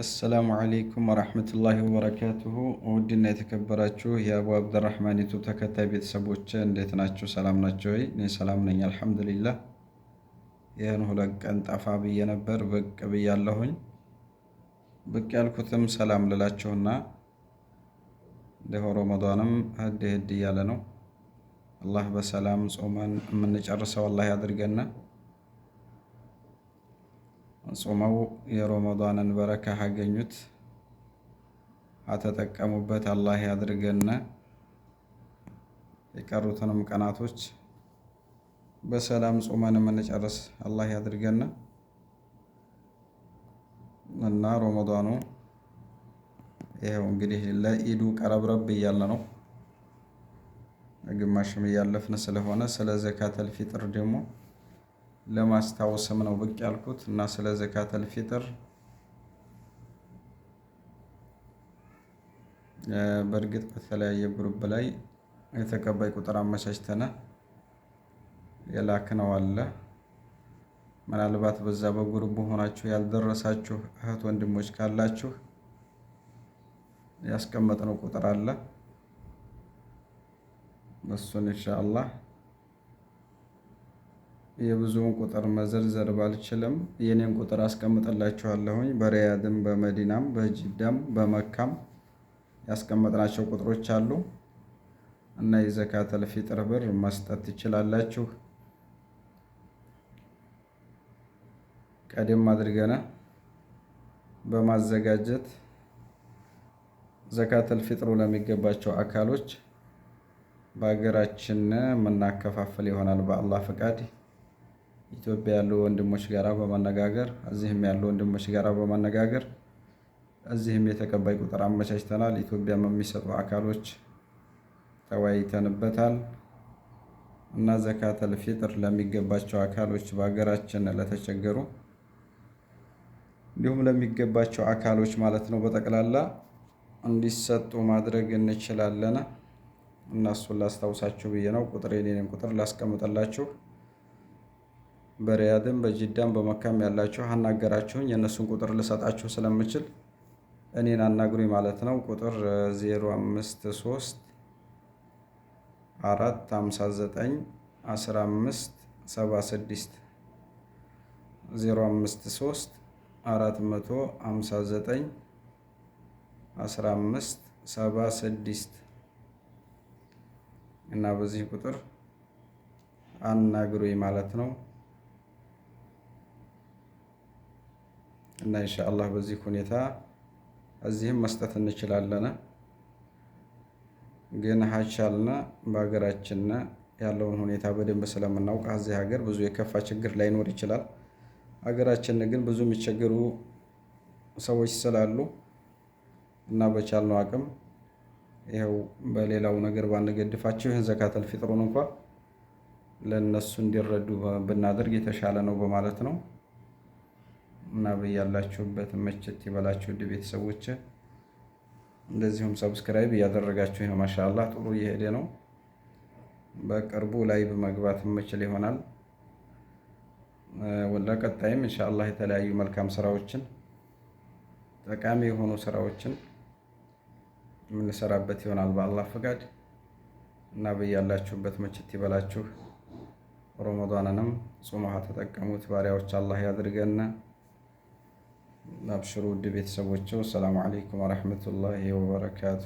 አሰላሙ አለይኩም ወረሕመቱላሂ ወበረካቱሁ። ውድና የተከበራችሁ የአቡ አብድራህማን ዩቱብ ተከታይ ቤተሰቦች እንዴት ናችሁ? ሰላም ናቸው ወይ? እኔ ሰላም ነኝ አልሐምዱሊላህ። ይህን ሁለት ቀን ጠፋ ብዬ ነበር፣ ብቅ ብያለሁኝ። ብቅ ያልኩትም ሰላም ልላችሁና እንዲሁ ረመዷንም ህድ ህድ እያለ ነው። አላህ በሰላም ጾመን የምንጨርሰው አላህ ያድርገና ጾመው የሮመዷንን በረካ አገኙት አተጠቀሙበት። አላህ ያድርገና የቀሩትንም ቀናቶች በሰላም ጾመን የምንጨርስ አላህ ያድርገና እና ሮመዷኑ ይኸው እንግዲህ ለኢዱ ቀረብረብ እያለ ነው። ግማሽም እያለፍን ስለሆነ ስለ ዘካተል ፊጥር ደግሞ ለማስታወስም ነው ብቅ ያልኩት እና ስለ ዘካተል ፊጥር በእርግጥ በተለያየ ግሩፕ ላይ የተቀባይ ቁጥር አመቻችተነ የላክነው አለ። ምናልባት በዛ በጉሩብ ሆናችሁ ያልደረሳችሁ እህት ወንድሞች ካላችሁ ያስቀመጥነው ቁጥር አለ። እሱን ኢንሻአላህ የብዙውን ቁጥር መዘርዘር ባልችልም የኔን ቁጥር አስቀምጥላችኋለሁኝ። በሪያድም በመዲናም በጅዳም በመካም ያስቀመጥናቸው ቁጥሮች አሉ እና የዘካተል ፊጥር ብር መስጠት ትችላላችሁ። ቀደም አድርገን በማዘጋጀት ዘካተል ፊጥሩ ለሚገባቸው አካሎች በሀገራችን የምናከፋፍል ይሆናል በአላህ ፈቃድ። ኢትዮጵያ ያሉ ወንድሞች ጋራ በማነጋገር እዚህም ያሉ ወንድሞች ጋራ በማነጋገር እዚህም የተቀባይ ቁጥር አመቻችተናል። ኢትዮጵያም የሚሰጡ አካሎች ተወያይተንበታል እና ዘካተል ፊጥር ለሚገባቸው አካሎች በሀገራችን ለተቸገሩ እንዲሁም ለሚገባቸው አካሎች ማለት ነው በጠቅላላ እንዲሰጡ ማድረግ እንችላለን እና ላስታውሳችሁ ብዬ ነው። ቁጥር የኔንም ቁጥር ላስቀምጠላችሁ። በሪያድም በጅዳም በመካም ያላችሁ አናገራችሁኝ የእነሱን ቁጥር ልሰጣችሁ ስለምችል እኔን አናግሩኝ ማለት ነው። ቁጥር 053 4 15 76 053 459 15 76 እና በዚህ ቁጥር አናግሩኝ ማለት ነው። እና ኢንሻአላህ በዚህ ሁኔታ እዚህም መስጠት እንችላለን። ግን ሀቻልና በሀገራችን ያለውን ሁኔታ በደንብ ስለምናውቅ እዚህ ሀገር ብዙ የከፋ ችግር ላይኖር ይችላል። ሀገራችን ግን ብዙ የሚቸገሩ ሰዎች ስላሉ እና በቻልነው አቅም ይኸው በሌላው ነገር ባንገድፋቸው ይህን ዘካተል ፊጥሩን እንኳ ለእነሱ እንዲረዱ ብናደርግ የተሻለ ነው በማለት ነው። እና በያላችሁበት መቸት ይበላችሁ ድ ቤተሰቦች፣ እንደዚሁም ሰብስክራይብ እያደረጋችሁ ነው። ማሻላ ጥሩ እየሄደ ነው። በቅርቡ ላይ በመግባት የምችል ይሆናል። ለቀጣይም እንሻላ የተለያዩ መልካም ስራዎችን ጠቃሚ የሆኑ ስራዎችን የምንሰራበት ይሆናል በአላህ ፍቃድ እና በያላችሁበት መቸት ይበላችሁ። ሮመዷንንም ጾመሃ ተጠቀሙት። ባሪያዎች አላህ ያድርገና አብሽሩ ውድ ቤተሰቦቼው። ሰላም አለይኩም ወረሕመቱላሂ ወበረካቱ።